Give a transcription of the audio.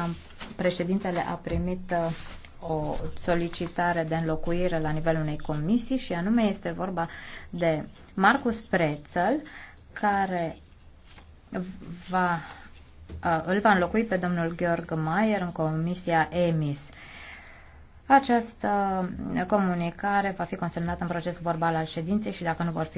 am, președintele a primit uh, o solicitare de înlocuire la nivelul unei comisii și anume este vorba de Marcus Prețel, care va, uh, îl va înlocui pe domnul Georg Mayer în comisia EMIS. Această comunicare va fi consemnată în procesul verbal al ședinței și dacă nu vor fi